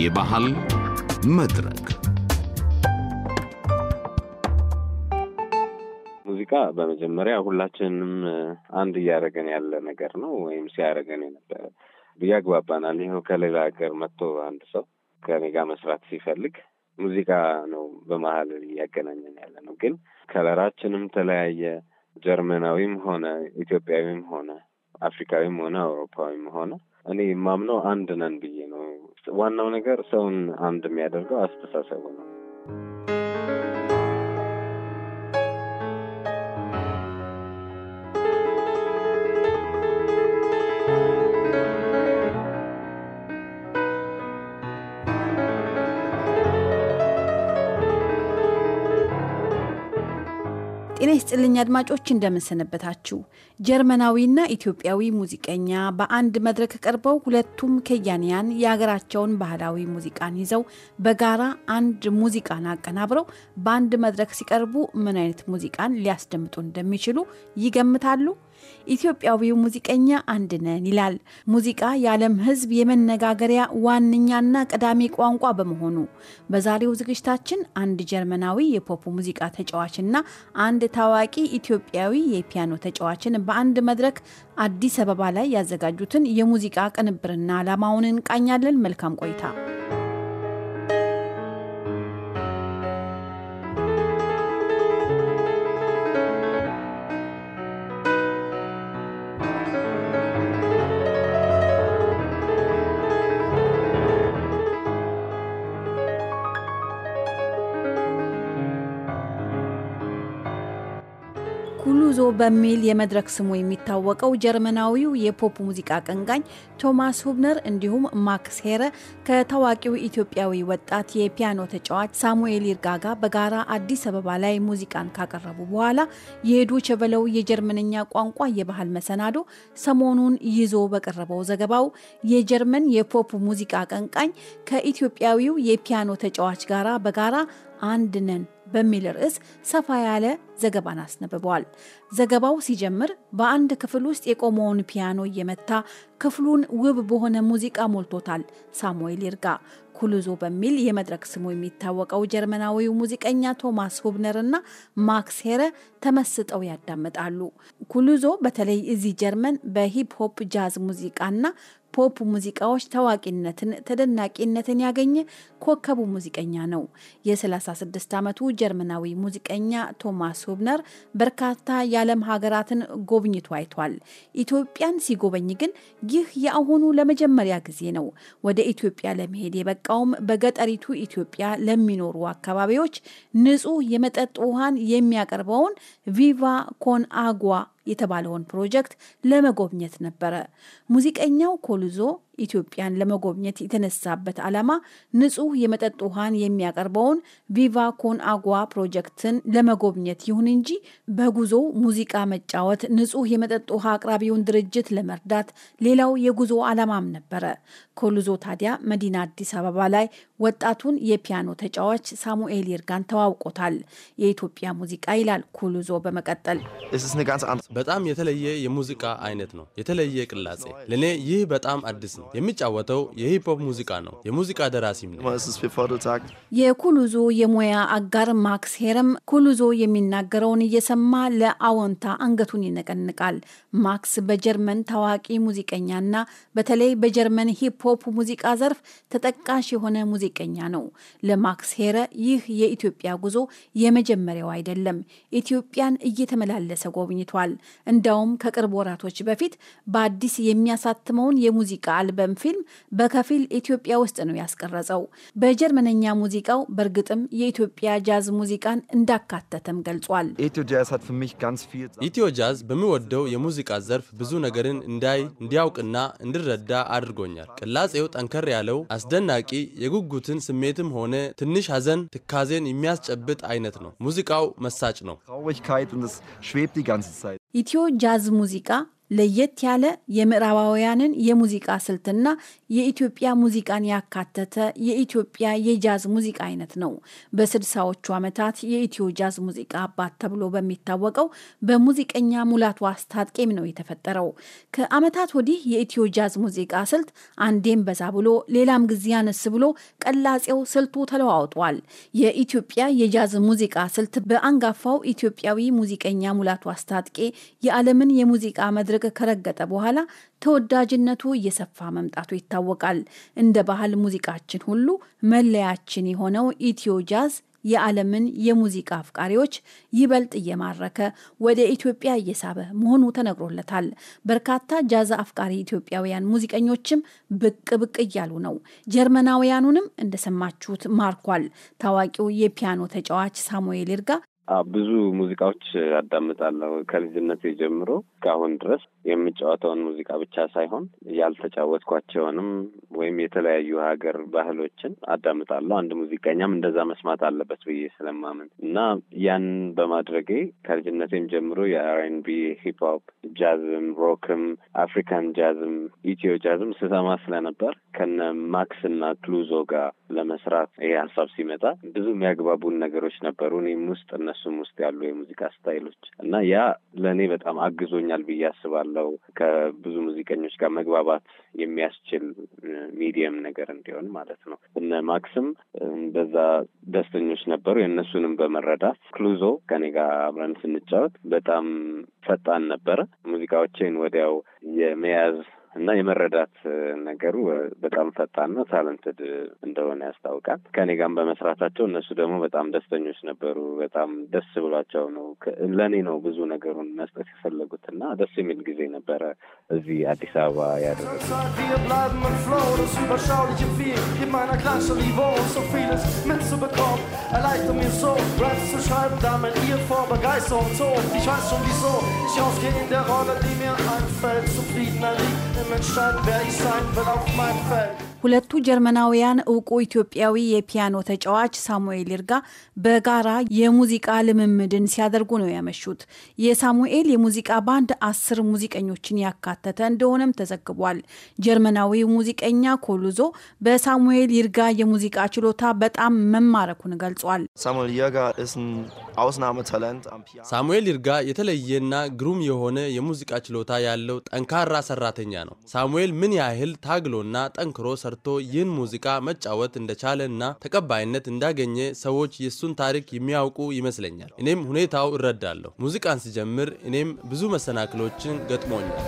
የባህል መድረክ ሙዚቃ በመጀመሪያ ሁላችንም አንድ እያደረገን ያለ ነገር ነው፣ ወይም ሲያደረገን የነበረ ያግባባናል። ይኸው ከሌላ ሀገር መጥቶ አንድ ሰው ከኔ ጋር መስራት ሲፈልግ ሙዚቃ ነው በመሀል እያገናኘን ያለ ነው። ግን ከለራችንም ተለያየ። ጀርመናዊም ሆነ ኢትዮጵያዊም ሆነ አፍሪካዊም ሆነ አውሮፓዊም ሆነ እኔ የማምነው አንድ ነን ብዬ ዋናው ነገር ሰውን አንድ የሚያደርገው አስተሳሰቡ ነው። ጤና ይስጥልኝ አድማጮች፣ እንደምንሰነበታችሁ። ጀርመናዊና ኢትዮጵያዊ ሙዚቀኛ በአንድ መድረክ ቀርበው ሁለቱም ከያንያን የሀገራቸውን ባህላዊ ሙዚቃን ይዘው በጋራ አንድ ሙዚቃን አቀናብረው በአንድ መድረክ ሲቀርቡ ምን አይነት ሙዚቃን ሊያስደምጡ እንደሚችሉ ይገምታሉ? ኢትዮጵያዊው ሙዚቀኛ አንድ ነን ይላል። ሙዚቃ የዓለም ሕዝብ የመነጋገሪያ ዋነኛና ቀዳሚ ቋንቋ በመሆኑ በዛሬው ዝግጅታችን አንድ ጀርመናዊ የፖፕ ሙዚቃ ተጫዋችና አንድ ታዋቂ ኢትዮጵያዊ የፒያኖ ተጫዋችን በአንድ መድረክ አዲስ አበባ ላይ ያዘጋጁትን የሙዚቃ ቅንብርና ዓላማውን እንቃኛለን። መልካም ቆይታ ኩሉዞ በሚል የመድረክ ስሙ የሚታወቀው ጀርመናዊው የፖፕ ሙዚቃ አቀንቃኝ ቶማስ ሁብነር እንዲሁም ማክስ ሄረ ከታዋቂው ኢትዮጵያዊ ወጣት የፒያኖ ተጫዋች ሳሙኤል ይርጋጋ በጋራ አዲስ አበባ ላይ ሙዚቃን ካቀረቡ በኋላ የሄዱ ቸበለው የጀርመንኛ ቋንቋ የባህል መሰናዶ ሰሞኑን ይዞ በቀረበው ዘገባው የጀርመን የፖፕ ሙዚቃ አቀንቃኝ ከኢትዮጵያዊው የፒያኖ ተጫዋች ጋራ በጋራ አንድ ነን በሚል ርዕስ ሰፋ ያለ ዘገባን አስነብቧል። ዘገባው ሲጀምር በአንድ ክፍል ውስጥ የቆመውን ፒያኖ እየመታ ክፍሉን ውብ በሆነ ሙዚቃ ሞልቶታል። ሳሙኤል ይርጋ ኩሉዞ በሚል የመድረክ ስሙ የሚታወቀው ጀርመናዊው ሙዚቀኛ ቶማስ ሁብነር እና ማክስ ሄረ ተመስጠው ያዳምጣሉ። ኩሉዞ በተለይ እዚህ ጀርመን በሂፕሆፕ ጃዝ ጃዝ ሙዚቃና ፖፕ ሙዚቃዎች ታዋቂነትን፣ ተደናቂነትን ያገኘ ኮከቡ ሙዚቀኛ ነው። የ36 ዓመቱ ጀርመናዊ ሙዚቀኛ ቶማስ ሁብነር በርካታ የዓለም ሀገራትን ጎብኝቶ አይቷል። ኢትዮጵያን ሲጎበኝ ግን ይህ የአሁኑ ለመጀመሪያ ጊዜ ነው። ወደ ኢትዮጵያ ለመሄድ የበቃውም በገጠሪቱ ኢትዮጵያ ለሚኖሩ አካባቢዎች ንጹህ የመጠጥ ውሃን የሚያቀርበውን ቪቫ ኮን አጓ የተባለውን ፕሮጀክት ለመጎብኘት ነበረ። ሙዚቀኛው ኮሉዞ ኢትዮጵያን ለመጎብኘት የተነሳበት ዓላማ ንጹህ የመጠጥ ውሃን የሚያቀርበውን ቪቫ ኮን አጓ ፕሮጀክትን ለመጎብኘት ይሁን እንጂ በጉዞ ሙዚቃ መጫወት ንጹህ የመጠጥ ውሃ አቅራቢውን ድርጅት ለመርዳት ሌላው የጉዞ ዓላማም ነበረ። ኮሉዞ ታዲያ መዲና አዲስ አበባ ላይ ወጣቱን የፒያኖ ተጫዋች ሳሙኤል ይርጋን ተዋውቆታል። የኢትዮጵያ ሙዚቃ ይላል ኮሉዞ በመቀጠል በጣም የተለየ የሙዚቃ አይነት ነው። የተለየ ቅላጼ ለእኔ ይህ በጣም አዲስ ነው። ነው። የሚጫወተው የሂፕሆፕ ሙዚቃ ነው። የሙዚቃ ደራሲም ነው። የኩሉዞ የሙያ አጋር ማክስ ሄረም ኩሉዞ የሚናገረውን እየሰማ ለአዎንታ አንገቱን ይነቀንቃል። ማክስ በጀርመን ታዋቂ ሙዚቀኛና በተለይ በጀርመን ሂፕሆፕ ሙዚቃ ዘርፍ ተጠቃሽ የሆነ ሙዚቀኛ ነው። ለማክስ ሄረ ይህ የኢትዮጵያ ጉዞ የመጀመሪያው አይደለም። ኢትዮጵያን እየተመላለሰ ጎብኝቷል። እንዳውም ከቅርብ ወራቶች በፊት በአዲስ የሚያሳትመውን የሙዚቃ አልበም ፊልም በከፊል ኢትዮጵያ ውስጥ ነው ያስቀረጸው። በጀርመነኛ ሙዚቃው በእርግጥም የኢትዮጵያ ጃዝ ሙዚቃን እንዳካተተም ገልጿል። ኢትዮ ጃዝ በሚወደው የሙዚቃ ዘርፍ ብዙ ነገርን እንዳይ እንዲያውቅና እንድረዳ አድርጎኛል። ቅላጼው ጠንከር ያለው አስደናቂ የጉጉትን ስሜትም ሆነ ትንሽ ሐዘን ትካዜን የሚያስጨብጥ አይነት ነው። ሙዚቃው መሳጭ ነው። ኢትዮ ጃዝ ሙዚቃ ለየት ያለ የምዕራባውያንን የሙዚቃ ስልትና የኢትዮጵያ ሙዚቃን ያካተተ የኢትዮጵያ የጃዝ ሙዚቃ አይነት ነው። በስድሳዎቹ ዓመታት የኢትዮ ጃዝ ሙዚቃ አባት ተብሎ በሚታወቀው በሙዚቀኛ ሙላቱ አስታጥቄም ነው የተፈጠረው። ከዓመታት ወዲህ የኢትዮ ጃዝ ሙዚቃ ስልት አንዴም በዛ ብሎ ሌላም ጊዜ አነስ ብሎ ቀላጼው ስልቱ ተለዋውጧል። የኢትዮጵያ የጃዝ ሙዚቃ ስልት በአንጋፋው ኢትዮጵያዊ ሙዚቀኛ ሙላቱ አስታጥቄ የዓለምን የሙዚቃ መድረክ ጥግ ከረገጠ በኋላ ተወዳጅነቱ እየሰፋ መምጣቱ ይታወቃል። እንደ ባህል ሙዚቃችን ሁሉ መለያችን የሆነው ኢትዮ ጃዝ የዓለምን የሙዚቃ አፍቃሪዎች ይበልጥ እየማረከ ወደ ኢትዮጵያ እየሳበ መሆኑ ተነግሮለታል። በርካታ ጃዝ አፍቃሪ ኢትዮጵያውያን ሙዚቀኞችም ብቅ ብቅ እያሉ ነው። ጀርመናውያኑንም እንደሰማችሁት ማርኳል። ታዋቂው የፒያኖ ተጫዋች ሳሙኤል ይርጋ ብዙ ሙዚቃዎች አዳምጣለሁ ከልጅነት ጀምሮ እስካሁን ድረስ የምጫወተውን ሙዚቃ ብቻ ሳይሆን ያልተጫወትኳቸውንም ወይም የተለያዩ ሀገር ባህሎችን አዳምጣለሁ። አንድ ሙዚቀኛም እንደዛ መስማት አለበት ብዬ ስለማምን እና ያን በማድረጌ ከልጅነቴም ጀምሮ የአርኤንቢ፣ ሂፕሆፕ፣ ጃዝም፣ ሮክም፣ አፍሪካን ጃዝም፣ ኢትዮ ጃዝም ስሰማ ስለነበር ከነ ማክስ እና ክሉዞ ጋር ለመስራት ይሄ ሀሳብ ሲመጣ ብዙ የሚያግባቡን ነገሮች ነበሩ እኔም ውስጥ እነሱም ውስጥ ያሉ የሙዚቃ ስታይሎች እና ያ ለእኔ በጣም አግዞኛል ብዬ አስባለሁ። ከብዙ ሙዚቀኞች ጋር መግባባት የሚያስችል ሚዲየም ነገር እንዲሆን ማለት ነው። እነ ማክስም በዛ ደስተኞች ነበሩ። የእነሱንም በመረዳት ክሉዞ ከኔ ጋር አብረን ስንጫወት በጣም ፈጣን ነበረ ሙዚቃዎቼን ወዲያው የመያዝ እና የመረዳት ነገሩ በጣም ፈጣንና ታለንትድ እንደሆነ ያስታውቃል። ከኔ ጋርም በመስራታቸው እነሱ ደግሞ በጣም ደስተኞች ነበሩ። በጣም ደስ ብሏቸው ነው ለእኔ ነው ብዙ ነገሩን መስጠት የፈለጉት እና ደስ የሚል ጊዜ ነበረ እዚህ አዲስ አበባ ያደረጉት ሁለቱ ጀርመናውያን እውቁ ኢትዮጵያዊ የፒያኖ ተጫዋች ሳሙኤል ይርጋ በጋራ የሙዚቃ ልምምድን ሲያደርጉ ነው ያመሹት። የሳሙኤል የሙዚቃ ባንድ አስር ሙዚቀኞችን ያካተተ እንደሆነም ተዘግቧል። ጀርመናዊ ሙዚቀኛ ኮሉዞ በሳሙኤል ይርጋ የሙዚቃ ችሎታ በጣም መማረኩን ገልጿል። ሳሙኤል ሳሙኤል ይርጋ የተለየና ግሩም የሆነ የሙዚቃ ችሎታ ያለው ጠንካራ ሰራተኛ ነው። ሳሙኤል ምን ያህል ታግሎና ጠንክሮ ሰርቶ ይህን ሙዚቃ መጫወት እንደቻለና ተቀባይነት እንዳገኘ ሰዎች የእሱን ታሪክ የሚያውቁ ይመስለኛል። እኔም ሁኔታው እረዳለሁ። ሙዚቃን ስጀምር እኔም ብዙ መሰናክሎችን ገጥሞኛል።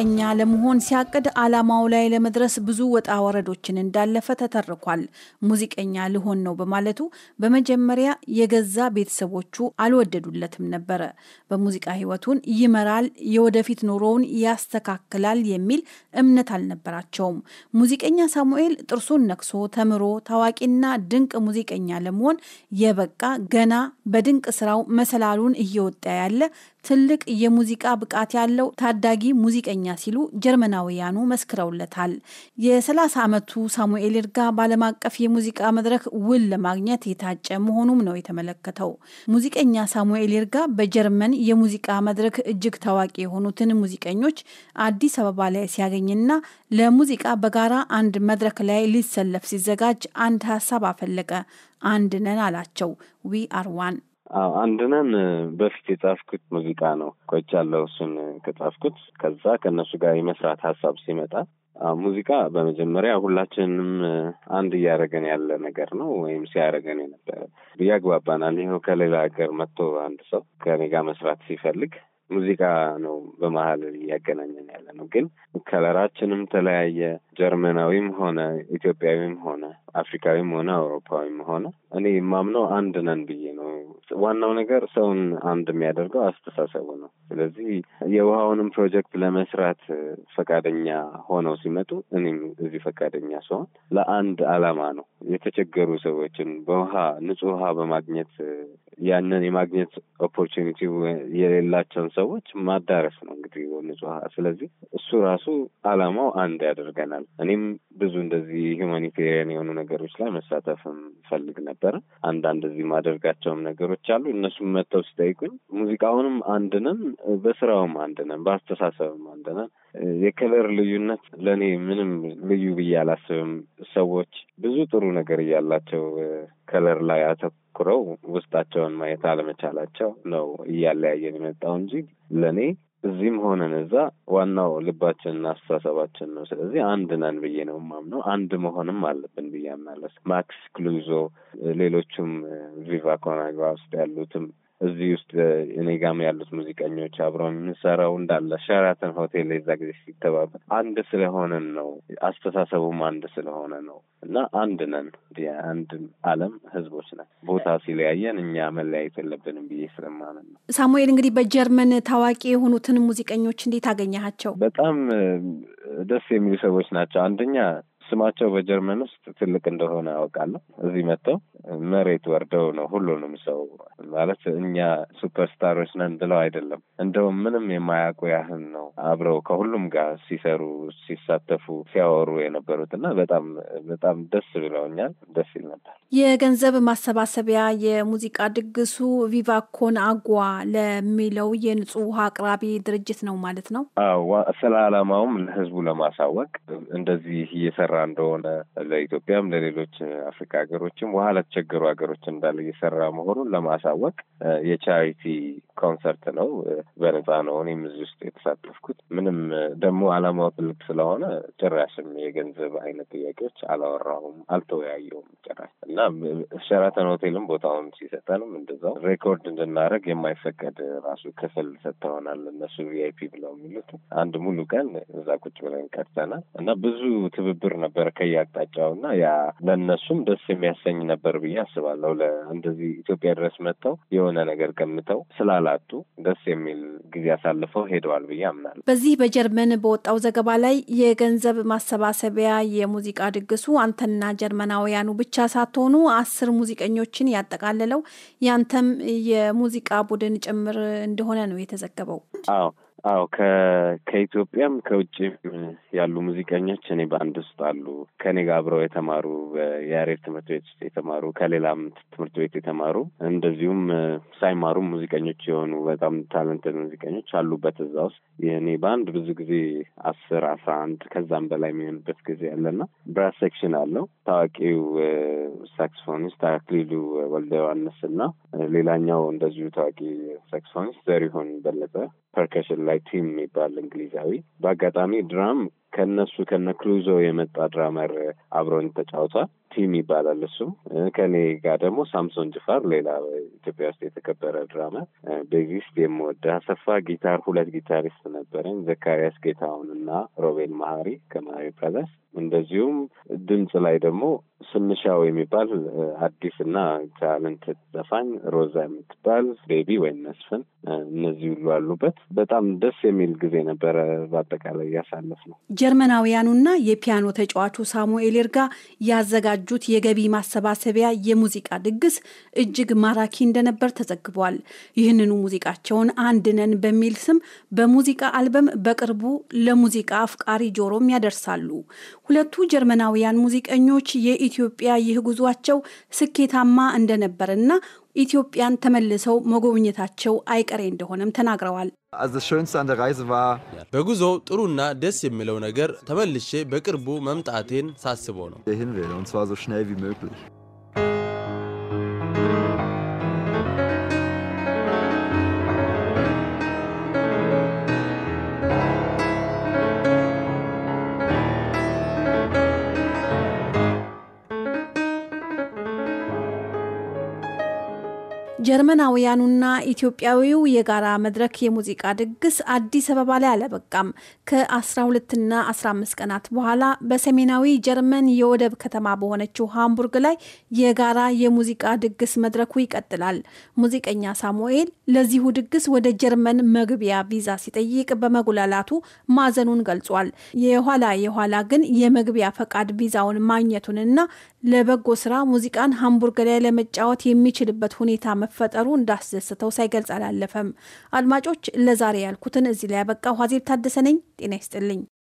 ጋዜጠኛ ለመሆን ሲያቅድ ዓላማው ላይ ለመድረስ ብዙ ወጣ ወረዶችን እንዳለፈ ተተርኳል። ሙዚቀኛ ልሆን ነው በማለቱ በመጀመሪያ የገዛ ቤተሰቦቹ አልወደዱለትም ነበረ። በሙዚቃ ሕይወቱን ይመራል፣ የወደፊት ኑሮውን ያስተካክላል የሚል እምነት አልነበራቸውም። ሙዚቀኛ ሳሙኤል ጥርሱን ነክሶ ተምሮ ታዋቂና ድንቅ ሙዚቀኛ ለመሆን የበቃ ገና በድንቅ ስራው መሰላሉን እየወጣ ያለ ትልቅ የሙዚቃ ብቃት ያለው ታዳጊ ሙዚቀኛ ሲሉ ጀርመናውያኑ መስክረውለታል። የ30 ዓመቱ ሳሙኤል ይርጋ በዓለም አቀፍ የሙዚቃ መድረክ ውል ለማግኘት የታጨ መሆኑም ነው የተመለከተው። ሙዚቀኛ ሳሙኤል ይርጋ በጀርመን የሙዚቃ መድረክ እጅግ ታዋቂ የሆኑትን ሙዚቀኞች አዲስ አበባ ላይ ሲያገኝና ለሙዚቃ በጋራ አንድ መድረክ ላይ ሊሰለፍ ሲዘጋጅ አንድ ሀሳብ አፈለቀ። አንድ ነን አላቸው። ዊ አር ዋን አንድነን በፊት የጻፍኩት ሙዚቃ ነው ቆይቻለሁ። እሱን ከጻፍኩት ከዛ ከእነሱ ጋር የመስራት ሀሳብ ሲመጣ ሙዚቃ በመጀመሪያ ሁላችንም አንድ እያደረገን ያለ ነገር ነው፣ ወይም ሲያደረገን የነበረ ያግባባናል። ይኸው ከሌላ ሀገር መጥቶ አንድ ሰው ከኔ ጋር መስራት ሲፈልግ ሙዚቃ ነው በመሀል እያገናኘን ያለ ነው። ግን ከለራችንም ተለያየ። ጀርመናዊም ሆነ ኢትዮጵያዊም ሆነ አፍሪካዊም ሆነ አውሮፓዊም ሆነ እኔ የማምነው አንድ ነን ብዬ ነው። ዋናው ነገር ሰውን አንድ የሚያደርገው አስተሳሰቡ ነው። ስለዚህ የውሃውንም ፕሮጀክት ለመስራት ፈቃደኛ ሆነው ሲመጡ እኔም እዚህ ፈቃደኛ ሲሆን ለአንድ አላማ ነው የተቸገሩ ሰዎችን በውሃ ንጹህ ውሃ በማግኘት ያንን የማግኘት ኦፖርቹኒቲ የሌላቸውን ሰዎች ማዳረስ ነው እንግዲህ ንጹህ። ስለዚህ እሱ ራሱ አላማው አንድ ያደርገናል። እኔም ብዙ እንደዚህ ሁማኒቴሪያን የሆኑ ነገሮች ላይ መሳተፍም ፈልግ ነበር። አንዳንድ እዚህ ማደርጋቸውም ነገሮች አሉ። እነሱም መጥተው ሲጠይቁኝ ሙዚቃውንም አንድነን፣ በስራውም አንድነን፣ በአስተሳሰብም አንድነን። የከለር ልዩነት ለእኔ ምንም ልዩ ብዬ አላስብም። ሰዎች ብዙ ጥሩ ነገር እያላቸው ከለር ላይ አተኩረው ውስጣቸውን ማየት አለመቻላቸው ነው እያለያየን የመጣው እንጂ ለእኔ እዚህም ሆነን እዛ ዋናው ልባችንና አስተሳሰባችን ነው። ስለዚህ አንድ ነን ብዬ ነው የማምነው። አንድ መሆንም አለብን ብዬ አምናለሁ። ማክስ ክሉዞ፣ ሌሎቹም ቪቫ ኮናግራ ውስጥ ያሉትም እዚህ ውስጥ እኔ ጋም ያሉት ሙዚቀኞች አብረው የምንሰራው እንዳለ ሸራተን ሆቴል የዛ ጊዜ ሲተባበር አንድ ስለሆነን ነው። አስተሳሰቡም አንድ ስለሆነ ነው እና አንድ ነን። የአንድ ዓለም ህዝቦች ነን። ቦታ ሲለያየን እኛ መለያየት የለብንም ብዬ ስለማመን ነው። ሳሙኤል፣ እንግዲህ በጀርመን ታዋቂ የሆኑትን ሙዚቀኞች እንዴት አገኘሃቸው? በጣም ደስ የሚሉ ሰዎች ናቸው። አንደኛ ስማቸው በጀርመን ውስጥ ትልቅ እንደሆነ አውቃለሁ። እዚህ መጥተው መሬት ወርደው ነው ሁሉንም ሰው ማለት እኛ ሱፐርስታሮች ነን ብለው አይደለም። እንደውም ምንም የማያውቁ ያህል ነው አብረው ከሁሉም ጋር ሲሰሩ፣ ሲሳተፉ፣ ሲያወሩ የነበሩት እና በጣም በጣም ደስ ብለውኛል። ደስ ይል ነበር። የገንዘብ ማሰባሰቢያ የሙዚቃ ድግሱ ቪቫኮን አጓ ለሚለው የንጹህ ውሃ አቅራቢ ድርጅት ነው ማለት ነው። ስለ አላማውም ለህዝቡ ለማሳወቅ እንደዚህ እየሰራ እየሰራ እንደሆነ ለኢትዮጵያም ለሌሎች አፍሪካ ሀገሮችም ውሃ ለተቸገሩ ሀገሮች እንዳለ እየሰራ መሆኑን ለማሳወቅ የቻሪቲ ኮንሰርት ነው። በነጻ ነው። እኔም እዚህ ውስጥ የተሳተፍኩት ምንም ደግሞ አላማው ትልቅ ስለሆነ ጭራሽም የገንዘብ አይነት ጥያቄዎች አላወራሁም፣ አልተወያየውም ጭራሽ እና ሸራተን ሆቴልም ቦታውን ሲሰጠንም እንደዛው ሬኮርድ እንድናደርግ የማይፈቀድ ራሱ ክፍል ሰጥተሆናል። እነሱ ቪአይፒ ብለው የሚሉት አንድ ሙሉ ቀን እዛ ቁጭ ብለን ቀርተናል እና ብዙ ትብብር ነበር ነበር ከየአቅጣጫው እና ያ ለእነሱም ደስ የሚያሰኝ ነበር ብዬ አስባለሁ። እንደዚህ ኢትዮጵያ ድረስ መጥተው የሆነ ነገር ቀምተው ስላላጡ ደስ የሚል ጊዜ አሳልፈው ሄደዋል ብዬ አምናለሁ። በዚህ በጀርመን በወጣው ዘገባ ላይ የገንዘብ ማሰባሰቢያ የሙዚቃ ድግሱ አንተና ጀርመናውያኑ ብቻ ሳትሆኑ አስር ሙዚቀኞችን ያጠቃለለው ያንተም የሙዚቃ ቡድን ጭምር እንደሆነ ነው የተዘገበው። አዎ አዎ ከኢትዮጵያም ከውጭ ያሉ ሙዚቀኞች እኔ በአንድ ውስጥ አሉ። ከኔ ጋር አብረው የተማሩ የያሬድ ትምህርት ቤት ውስጥ የተማሩ ከሌላም ትምህርት ቤት የተማሩ እንደዚሁም ሳይማሩም ሙዚቀኞች የሆኑ በጣም ታለንትድ ሙዚቀኞች አሉበት እዛ ውስጥ። እኔ በአንድ ብዙ ጊዜ አስር አስራ አንድ ከዛም በላይ የሚሆንበት ጊዜ አለና ብራስ ሴክሽን አለው ታዋቂው ሳክስፎኒስት አክሊሉ ወልደ ዮሐንስ እና ሌላኛው እንደዚሁ ታዋቂ ሳክስፎኒስት ዘሪሁን በለጠ ፐርከሽን ላይ ቲም የሚባል እንግሊዛዊ በአጋጣሚ ድራም ከነሱ ከነ ክሉዞ የመጣ ድራመር አብረውኝ ተጫውቷል። ቲም ይባላል እሱ። ከኔ ጋር ደግሞ ሳምሶን ጅፋር፣ ሌላ ኢትዮጵያ ውስጥ የተከበረ ድራመር፣ ቤዚስት የምወደው አሰፋ፣ ጊታር ሁለት ጊታሪስት ነበረኝ፣ ዘካሪያስ ጌታውን እና ሮቤል መሀሪ ከመሀሪ ብራዘርስ። እንደዚሁም ድምፅ ላይ ደግሞ ስንሻው የሚባል አዲስ እና ታለንት ዘፋኝ፣ ሮዛ የምትባል ቤቢ ወይም መስፍን፣ እነዚህ ሁሉ አሉበት። በጣም ደስ የሚል ጊዜ ነበረ በአጠቃላይ እያሳለፍ ነው። ጀርመናውያኑና የፒያኖ ተጫዋቹ ሳሙኤል ኤርጋ ያዘጋጁት የገቢ ማሰባሰቢያ የሙዚቃ ድግስ እጅግ ማራኪ እንደነበር ተዘግቧል። ይህንኑ ሙዚቃቸውን አንድ ነን በሚል ስም በሙዚቃ አልበም በቅርቡ ለሙዚቃ አፍቃሪ ጆሮም ያደርሳሉ። ሁለቱ ጀርመናውያን ሙዚቀኞች የኢትዮጵያ ይህ ጉዟቸው ስኬታማ እንደነበርና ኢትዮጵያን ተመልሰው መጎብኘታቸው አይቀሬ እንደሆነም ተናግረዋል። በጉዞ ጥሩና ደስ የሚለው ነገር ተመልሼ በቅርቡ መምጣቴን ሳስበው ነው። ጀርመናውያኑና ኢትዮጵያዊው የጋራ መድረክ የሙዚቃ ድግስ አዲስ አበባ ላይ አለበቃም ከ ከ12ና 15 ቀናት በኋላ በሰሜናዊ ጀርመን የወደብ ከተማ በሆነችው ሃምቡርግ ላይ የጋራ የሙዚቃ ድግስ መድረኩ ይቀጥላል። ሙዚቀኛ ሳሙኤል ለዚሁ ድግስ ወደ ጀርመን መግቢያ ቪዛ ሲጠይቅ በመጉላላቱ ማዘኑን ገልጿል። የኋላ የኋላ ግን የመግቢያ ፈቃድ ቪዛውን ማግኘቱንና ለበጎ ስራ ሙዚቃን ሃምቡርግ ላይ ለመጫወት የሚችልበት ሁኔታ መፈ መፈጠሩ እንዳስደሰተው ሳይገልጽ አላለፈም። አድማጮች፣ ለዛሬ ያልኩትን እዚህ ላይ ያበቃው። ሀዜብ ታደሰ ነኝ። ጤና ይስጥልኝ።